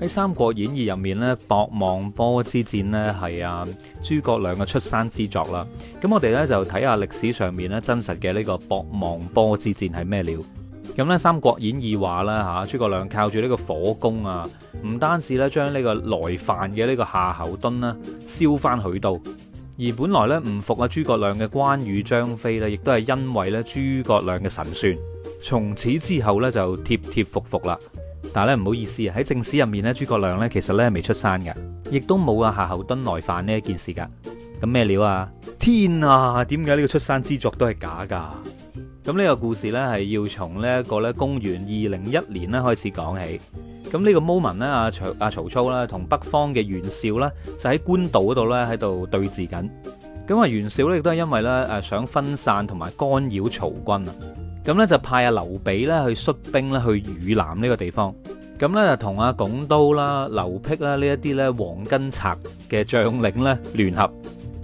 喺《三國演義》入面咧，博望坡之戰呢係啊諸葛亮嘅出山之作啦。咁我哋呢就睇下歷史上面咧真實嘅呢個博望坡之戰係咩料。咁呢，《三國演義》話啦吓，諸葛亮靠住呢個火攻啊，唔單止呢將呢個來犯嘅呢個夏侯惇呢燒翻去到，而本來呢唔服啊諸葛亮嘅關羽、張飛呢，亦都係因為呢諸葛亮嘅神算，從此之後呢，就貼貼服服啦。但係咧，唔好意思啊，喺正史入面咧，諸葛亮咧其實咧未出山嘅，亦都冇啊夏侯惇來犯呢一件事噶。咁咩料啊？天啊！點解呢個出山之作都係假噶？咁呢個故事咧係要從呢一個咧公元二零一年咧開始講起。咁呢個 moment 呢、啊，阿曹阿、啊、曹操啦，同北方嘅袁紹呢，就喺官渡嗰度咧喺度對峙緊。咁啊袁紹咧亦都係因為咧誒想分散同埋干擾曹軍啊。咁呢，就派阿劉備去率兵去汝南呢個地方，咁呢，就同阿龔都啦、劉辟啦呢一啲呢黃巾賊嘅將領呢聯合，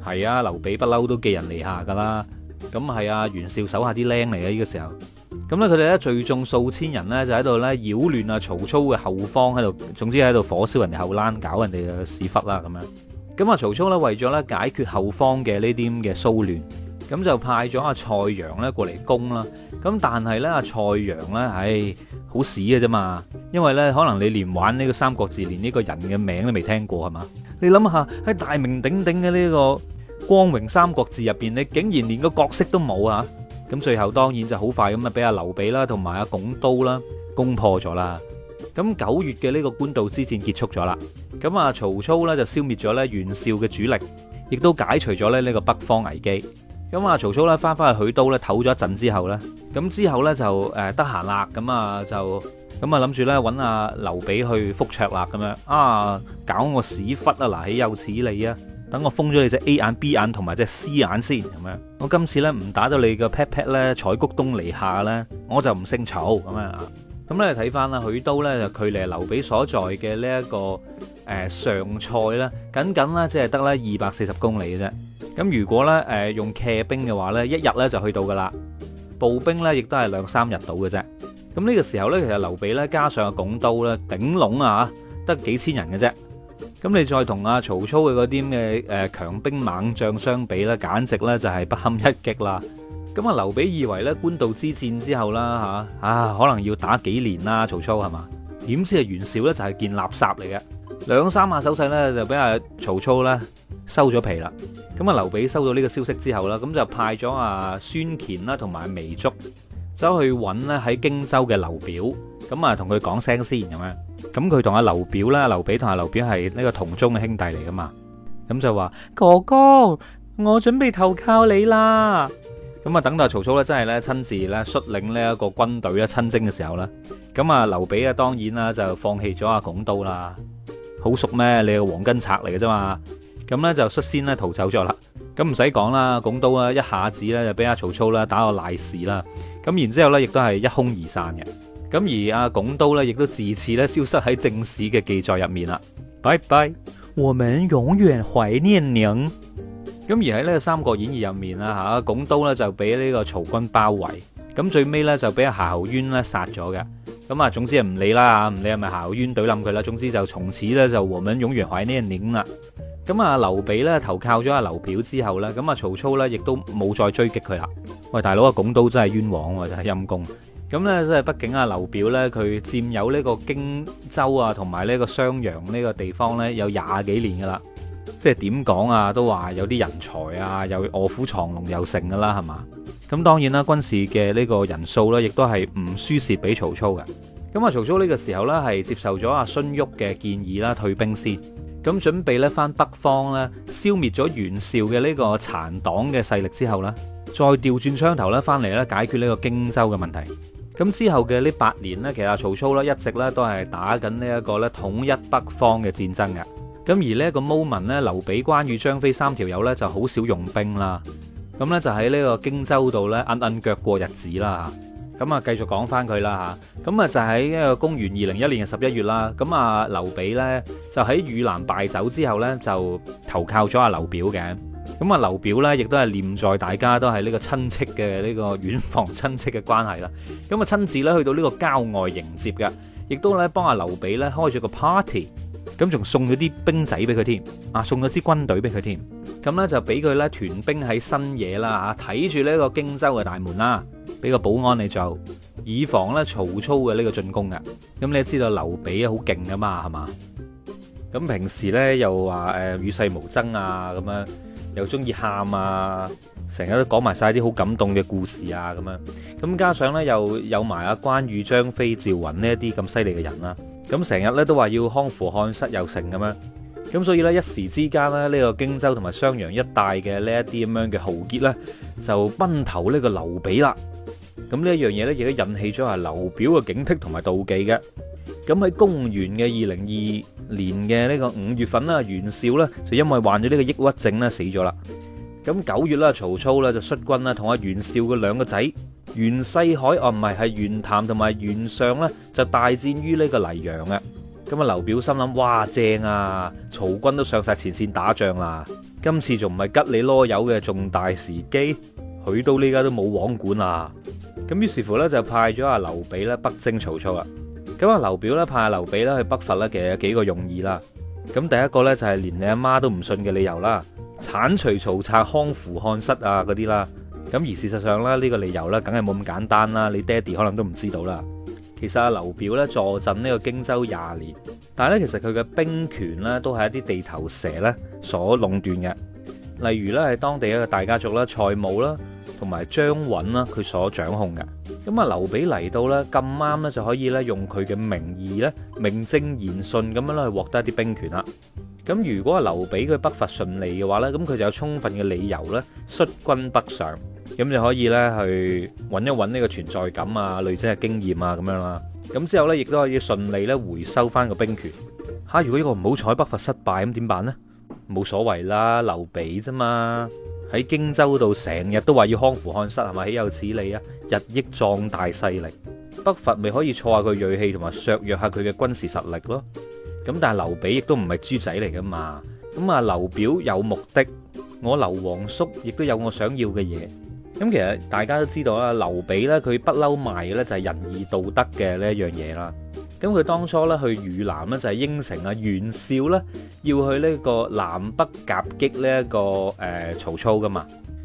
係啊，劉備不嬲都寄人籬下噶啦，咁係啊袁紹手下啲僆嚟嘅呢個時候，咁呢，佢哋呢聚眾數千人呢，就喺度呢擾亂啊曹操嘅後方喺度，總之喺度火燒人哋後欄，搞人哋嘅屎忽啦咁樣，咁啊曹操呢為咗呢解決後方嘅呢啲咁嘅騷亂。咁就派咗阿蔡陽咧過嚟攻啦。咁但係咧，阿蔡陽咧，唉，好屎嘅啫嘛。因為咧，可能你連玩呢個《三國志》，連呢個人嘅名都未聽過係嘛？你諗下喺大名鼎鼎嘅呢個《光榮三國志》入邊，你竟然連個角色都冇啊。咁最後當然就好快咁啊，俾阿劉備啦，同埋阿龔都啦攻破咗啦。咁九月嘅呢個官渡之戰結束咗啦。咁啊，曹操咧就消滅咗咧袁紹嘅主力，亦都解除咗咧呢個北方危機。咁啊，曹操咧翻翻去許都咧唞咗一陣之後咧，咁之後咧就誒得閒啦，咁、呃、啊就咁啊諗住咧搵阿劉備去復卓啦咁樣啊，搞我屎忽啊，嗱豈有此理啊！等我封咗你隻 A 眼、B 眼同埋隻 C 眼先，咁樣，樣我今次咧唔打到你個 pat pat 咧採菊東籬下咧，我就唔姓曹咁樣啊！咁咧睇翻啦，許都咧就距離劉備所在嘅、這個呃、呢一個誒常菜咧，僅僅咧只係得咧二百四十公里嘅啫。咁如果咧，用騎兵嘅話咧，一日咧就去到噶啦。步兵咧，亦都係兩三日到嘅啫。咁呢個時候咧，其實劉備咧加上拱刀咧頂籠啊，得幾千人嘅啫。咁你再同阿曹操嘅嗰啲咩誒強兵猛將相比咧，簡直咧就係不堪一擊啦。咁啊，劉備以為咧官渡之戰之後啦，啊，可能要打幾年啦。曹操係嘛？點知啊，袁紹咧就係件垃圾嚟嘅，兩三下手勢咧就俾阿曹操咧收咗皮啦。咁啊，劉備收到呢個消息之後啦，咁就派咗啊孫乾啦，同埋糜竺走去揾咧喺荊州嘅劉表，咁啊同佢講聲先咁樣。咁佢同阿劉表啦，劉備同阿劉表係呢個同宗嘅兄弟嚟噶嘛。咁就話哥哥，我準備投靠你啦。咁啊，等到曹操咧，真係咧親自咧率領呢一個軍隊咧親征嘅時候咧，咁啊，劉備啊當然啦就放棄咗啊拱刀啦，好熟咩？你個黃巾賊嚟嘅啫嘛。咁咧就率先咧逃走咗啦。咁唔使講啦，龔都啊，一下子咧就俾阿曹操啦打個瀨屎啦。咁然之後呢亦都係一哄而散嘅。咁而阿龔都呢亦都自此咧消失喺正史嘅記載入面啦。拜拜，我們永遠懷念您。咁而喺呢個三國演義入面啦，嚇龔都呢就俾呢個曹軍包圍。咁最尾呢就俾阿夏侯淵咧殺咗嘅。咁啊，總之啊唔理啦，唔理係咪夏侯淵懟冧佢啦，總之就從此呢就和民永遠懷念您啦。咁啊，劉備咧投靠咗阿劉表之後咧，咁啊，曹操咧亦都冇再追擊佢啦。喂，大佬啊，拱刀真係冤枉啊，真係陰公。咁咧，即係畢竟阿劉表咧，佢佔有呢個荊州啊，同埋呢個襄陽呢個地方咧，有廿幾年噶啦。即係點講啊，都話有啲人才啊，又臥虎藏龍又成噶啦，係嘛？咁當然啦，軍事嘅呢個人數咧，亦都係唔輸蝕俾曹操嘅。咁啊，曹操呢個時候咧係接受咗阿荀彧嘅建議啦，退兵先。咁準備咧翻北方咧，消滅咗袁紹嘅呢個殘黨嘅勢力之後，呢再調轉槍頭咧翻嚟咧解決呢個荊州嘅問題。咁之後嘅呢八年，呢其實曹操呢一直咧都係打緊呢一個咧統一北方嘅戰爭嘅。咁而呢一個毛民，呢劉備、關羽、張飛三條友，呢就好少用兵啦。咁呢就喺呢個荊州度咧，摁摁腳過日子啦。咁啊，繼續講翻佢啦吓，咁啊，就喺一個公元二零一年嘅十一月啦。咁啊，劉備呢，就喺汝南敗走之後呢，就投靠咗阿劉表嘅。咁啊，劉表呢，亦都係念在大家都係呢個親戚嘅呢個遠房親戚嘅關係啦。咁啊，親自咧去到呢個郊外迎接嘅，亦都咧幫阿劉備呢，開咗個 party。咁仲送咗啲兵仔俾佢添，啊送咗支軍隊俾佢添。咁呢，就俾佢呢，屯兵喺新野啦，嚇睇住呢個荊州嘅大門啦。呢個保安你就以防咧曹操嘅呢個進攻嘅，啊。咁你知道，劉備啊好勁噶嘛，係嘛？咁平時咧又話誒與世無爭啊，咁樣又中意喊啊，成日都講埋晒啲好感動嘅故事啊，咁樣咁加上咧又，又有埋啊關羽、張飛、趙雲、啊、呢一啲咁犀利嘅人啦，咁成日咧都話要匡扶漢室又成咁樣，咁所以咧一時之間咧呢，這個荊州同埋襄陽一帶嘅呢一啲咁樣嘅豪傑咧就奔投呢個劉備啦。咁呢一樣嘢呢，亦都引起咗阿劉表嘅警惕同埋妒忌嘅。咁喺公元嘅二零二年嘅呢個五月份啦，袁紹呢就因為患咗呢個抑鬱症呢死咗啦。咁九月啦，曹操呢就率軍啦同阿袁紹嘅兩個仔袁世海哦，唔係係袁譚同埋袁尚呢就大戰於呢個黎陽啊。咁阿劉表心諗：，哇，正啊！曹軍都上晒前線打仗啦，今次仲唔係吉你囉柚嘅重大時機？許都呢家都冇王管啊！咁於是乎咧，就派咗阿劉備咧北征曹操啦。咁阿劉表咧派阿劉備咧去北伐咧，其實有幾個用意啦。咁第一個咧就係連你阿媽都唔信嘅理由啦，剷除曹賊、啊，匡扶漢室啊嗰啲啦。咁而事實上咧，呢個理由咧，梗係冇咁簡單啦。你爹哋可能都唔知道啦。其實阿劉表咧坐鎮呢個荊州廿年，但係咧其實佢嘅兵權咧都係一啲地頭蛇咧所壟斷嘅。例如咧係當地一個大家族啦，蔡武啦。同埋張允啦，佢所掌控嘅。咁啊，劉備嚟到呢，咁啱呢就可以咧用佢嘅名義咧，名正言順咁樣去獲得一啲兵權啦。咁如果啊，劉備佢北伐順利嘅話呢，咁佢就有充分嘅理由咧，率軍北上，咁就可以呢去揾一揾呢個存在感啊，類似嘅經驗啊，咁樣啦。咁之後呢，亦都可以順利咧回收翻個兵權。嚇，如果呢個唔好彩北伐失敗，咁點辦呢？冇所謂啦，劉備啫嘛。喺荊州度成日都話要匡扶漢室，係咪？豈有此理啊！日益壯大勢力，北伐咪可以挫下佢銳氣，同埋削弱下佢嘅軍事實力咯。咁但係劉備亦都唔係豬仔嚟噶嘛？咁啊，劉表有目的，我劉皇叔亦都有我想要嘅嘢。咁其實大家都知道啦，劉備呢佢不嬲賣嘅咧就係仁義道德嘅呢一樣嘢啦。咁佢當初咧去汝南咧就係應承啊袁紹咧，要去呢個南北夾擊呢一個誒曹操噶嘛。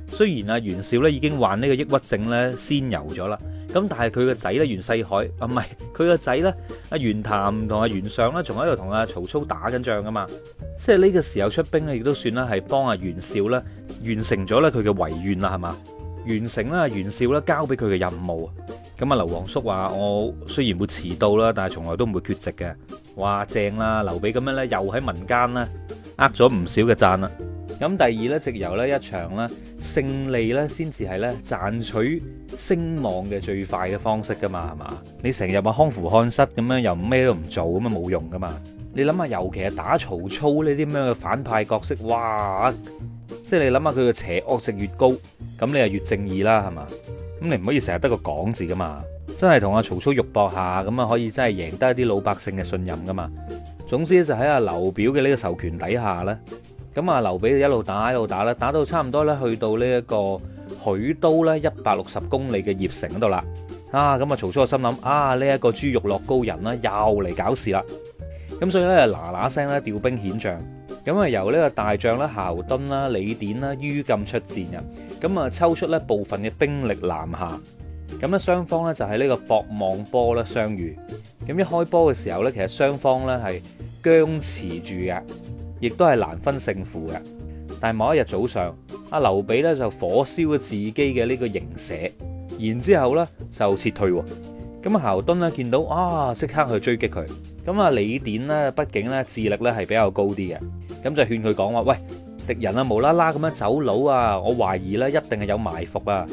雖然啊袁紹咧已經患呢個抑鬱症咧仙遊咗啦，咁但係佢個仔咧袁世海啊，唔係佢個仔咧阿袁譚同阿袁尚咧仲喺度同阿曹操打緊仗噶嘛。即係呢個時候出兵咧亦都算啦係幫阿袁紹咧完成咗咧佢嘅遺願啦係嘛，完成啦袁紹咧交俾佢嘅任務。咁啊，劉皇叔話我雖然會遲到啦，但係從來都唔會缺席嘅。哇正啦，劉備咁樣咧，又喺民間啦，呃咗唔少嘅讚啦。咁第二咧，直由呢一場咧勝利咧，先至係咧賺取聲望嘅最快嘅方式噶嘛，係嘛？你成日話匡扶漢室咁樣，又咩都唔做，咁啊冇用噶嘛？你諗下，尤其係打曹操呢啲咁樣嘅反派角色，哇！即係你諗下佢嘅邪惡性越高，咁你啊越正義啦，係嘛？咁你唔可以成日得個講字噶嘛？真係同阿曹操肉搏下咁啊，可以真係贏得一啲老百姓嘅信任噶嘛？總之就喺阿劉表嘅呢個授權底下呢，咁啊，劉備一路打一路打啦，打到差唔多呢，去到呢一個許都呢一百六十公里嘅葉城嗰度啦。啊，咁啊，曹操心諗啊，呢一個豬肉樂高人啦，又嚟搞事啦。咁所以呢，嗱嗱聲咧調兵遣將。咁啊，由呢個大將啦、夏侯惇啦、李典啦、于禁出戰嘅，咁啊抽出咧部分嘅兵力南下，咁咧雙方咧就喺呢個博望坡咧相遇。咁一開波嘅時候咧，其實雙方咧係僵持住嘅，亦都係難分勝負嘅。但係某一日早上，阿劉備咧就火燒咗自己嘅呢個營舍，然之後咧就撤退。咁啊，夏侯惇咧見到啊，即刻去追擊佢。咁啊，李典咧，畢竟咧智力咧係比較高啲嘅。咁就勸佢講話，喂，敵人啊，無啦啦咁樣走佬啊，我懷疑咧一定係有埋伏啊。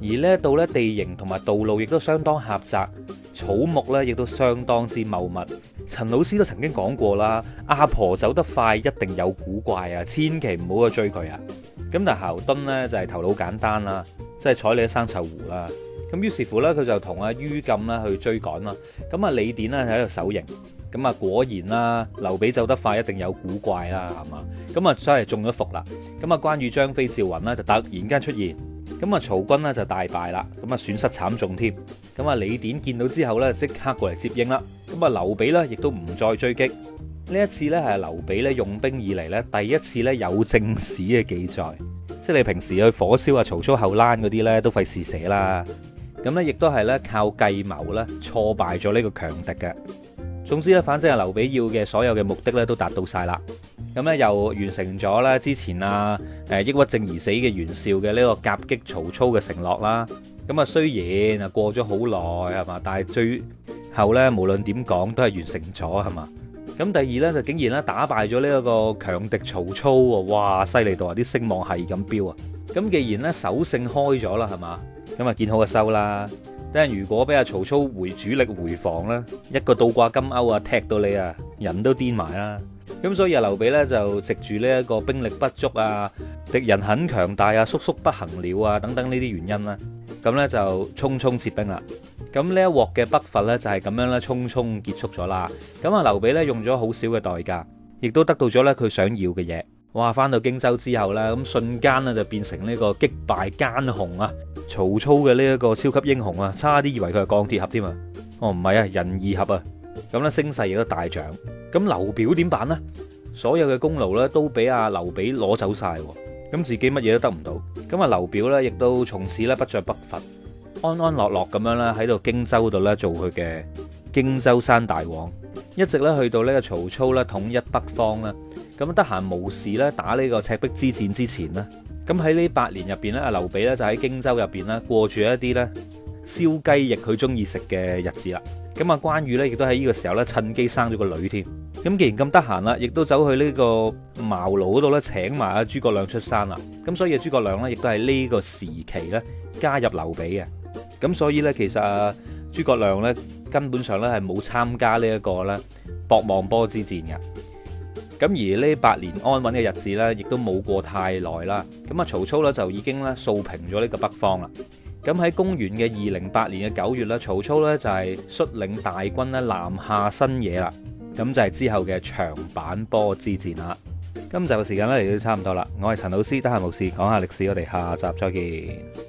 而咧度咧地形同埋道路亦都相當狹窄，草木咧亦都相當之茂密。陳老師都曾經講過啦，阿婆走得快一定有古怪啊，千祈唔好去追佢啊。咁但係侯惇咧就係頭腦簡單啦，即係睬你都生臭狐啦。咁於是乎咧，佢就同阿於禁咧去追趕啦。咁啊，李典咧就喺度守營。咁啊果然啦，劉備走得快，一定有古怪啦，係嘛？咁啊真係中咗伏啦。咁啊，關羽、張飛、趙雲呢，就突然間出現，咁啊曹軍呢，就大敗啦，咁啊損失慘重添。咁啊李典見到之後呢，即刻過嚟接應啦。咁啊劉備呢，亦都唔再追擊。呢一次呢，係劉備呢用兵以嚟呢，第一次呢有正史嘅記載，即係你平時去火燒啊曹操後欄嗰啲呢，都費事寫啦。咁呢，亦都係呢，靠計謀呢，挫敗咗呢個強敵嘅。總之咧，反正係劉備要嘅所有嘅目的咧，都達到晒啦。咁咧又完成咗之前啊，誒，抑鬱症而死嘅袁紹嘅呢個夾擊曹操嘅承諾啦。咁啊，雖然啊過咗好耐係嘛，但係最後咧，無論點講都係完成咗係嘛。咁第二咧就竟然咧打敗咗呢一個強敵曹操喎，哇，犀利到啊啲聲望係咁飆啊！咁既然咧首勝開咗啦，係嘛，咁啊見好嘅收啦。但係如果俾阿曹操回主力回防啦，一個倒掛金鈎啊，踢到你啊，人都癲埋啦。咁所以阿劉備呢，就藉住呢一個兵力不足啊，敵人很強大啊，叔叔不行了啊等等呢啲原因啦，咁呢就匆匆撤兵啦。咁呢一鑊嘅北伐呢，就係咁樣咧匆匆結束咗啦。咁啊，劉備呢，用咗好少嘅代價，亦都得到咗呢佢想要嘅嘢。哇！翻到荊州之後咧，咁瞬間咧就變成呢個擊敗奸雄啊，曹操嘅呢一個超級英雄啊，差啲以為佢係鋼鐵俠添啊！哦，唔係啊，仁義俠啊！咁咧，聲勢亦都大漲。咁劉表點辦咧？所有嘅功勞咧都俾阿劉備攞走晒，咁自己乜嘢都得唔到。咁啊，劉表咧亦都從此咧不再北伐，安安樂樂咁樣咧喺度荊州度咧做佢嘅荊州山大王，一直咧去到呢個曹操咧統一北方啦。咁得閒無事咧，打呢個赤壁之戰之前咧，咁喺呢八年入邊咧，阿劉備呢就喺荊州入邊咧過住一啲咧燒雞翼佢中意食嘅日子啦。咁啊關羽呢，亦都喺呢個時候咧趁機生咗個女添。咁既然咁得閒啦，亦都走去呢個茅廬度咧請埋阿諸葛亮出山啦。咁所以啊諸葛亮呢，亦都係呢個時期咧加入劉備嘅。咁所以呢，其實啊諸葛亮呢，根本上呢，係冇參加呢一個咧博望坡之戰嘅。咁而呢八年安穩嘅日子呢，亦都冇過太耐啦。咁啊，曹操呢，就已經呢掃平咗呢個北方啦。咁喺公元嘅二零八年嘅九月呢，曹操呢就係率領大軍南下新野啦。咁就係、是、之後嘅長坂坡之戰啦。今集嘅時間呢亦都差唔多啦。我係陳老師，得閒無事講下歷史，我哋下集再見。